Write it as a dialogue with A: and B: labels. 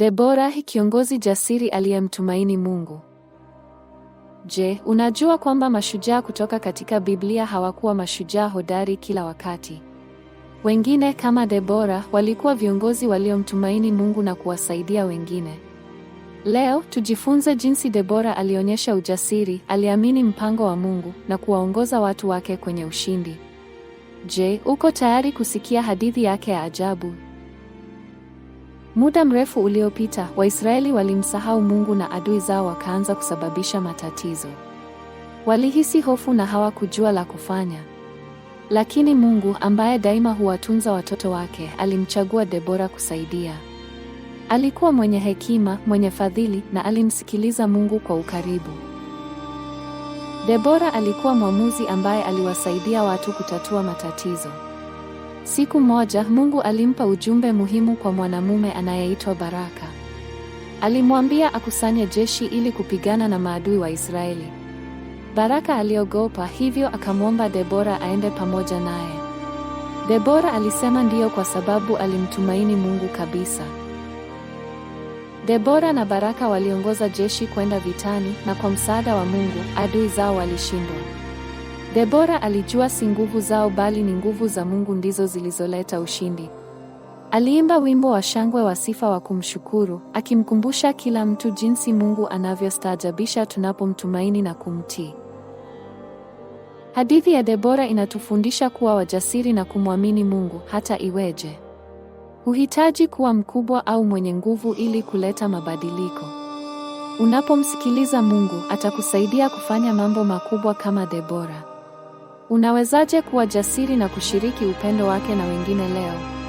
A: Debora, kiongozi jasiri aliyemtumaini Mungu. Je, unajua kwamba mashujaa kutoka katika Biblia hawakuwa mashujaa hodari kila wakati? Wengine kama Debora walikuwa viongozi waliomtumaini Mungu na kuwasaidia wengine. Leo tujifunze jinsi Debora alionyesha ujasiri, aliamini mpango wa Mungu na kuwaongoza watu wake kwenye ushindi. Je, uko tayari kusikia hadithi yake ya ajabu? Muda mrefu uliopita, Waisraeli walimsahau Mungu na adui zao wakaanza kusababisha matatizo. Walihisi hofu na hawakujua la kufanya. Lakini Mungu ambaye daima huwatunza watoto wake, alimchagua Debora kusaidia. Alikuwa mwenye hekima, mwenye fadhili na alimsikiliza Mungu kwa ukaribu. Debora alikuwa mwamuzi ambaye aliwasaidia watu kutatua matatizo. Siku moja Mungu alimpa ujumbe muhimu kwa mwanamume anayeitwa Baraka. Alimwambia akusanye jeshi ili kupigana na maadui wa Israeli. Baraka aliogopa, hivyo akamwomba Debora aende pamoja naye. Debora alisema ndiyo kwa sababu alimtumaini Mungu kabisa. Debora na Baraka waliongoza jeshi kwenda vitani na kwa msaada wa Mungu adui zao walishindwa. Debora alijua si nguvu zao bali ni nguvu za Mungu ndizo zilizoleta ushindi. Aliimba wimbo wa shangwe wa sifa wa kumshukuru, akimkumbusha kila mtu jinsi Mungu anavyostaajabisha tunapomtumaini na kumtii. Hadithi ya Debora inatufundisha kuwa wajasiri na kumwamini Mungu hata iweje. Huhitaji kuwa mkubwa au mwenye nguvu ili kuleta mabadiliko. Unapomsikiliza Mungu, atakusaidia kufanya mambo makubwa kama Debora. Unawezaje kuwa jasiri na kushiriki upendo wake na wengine leo?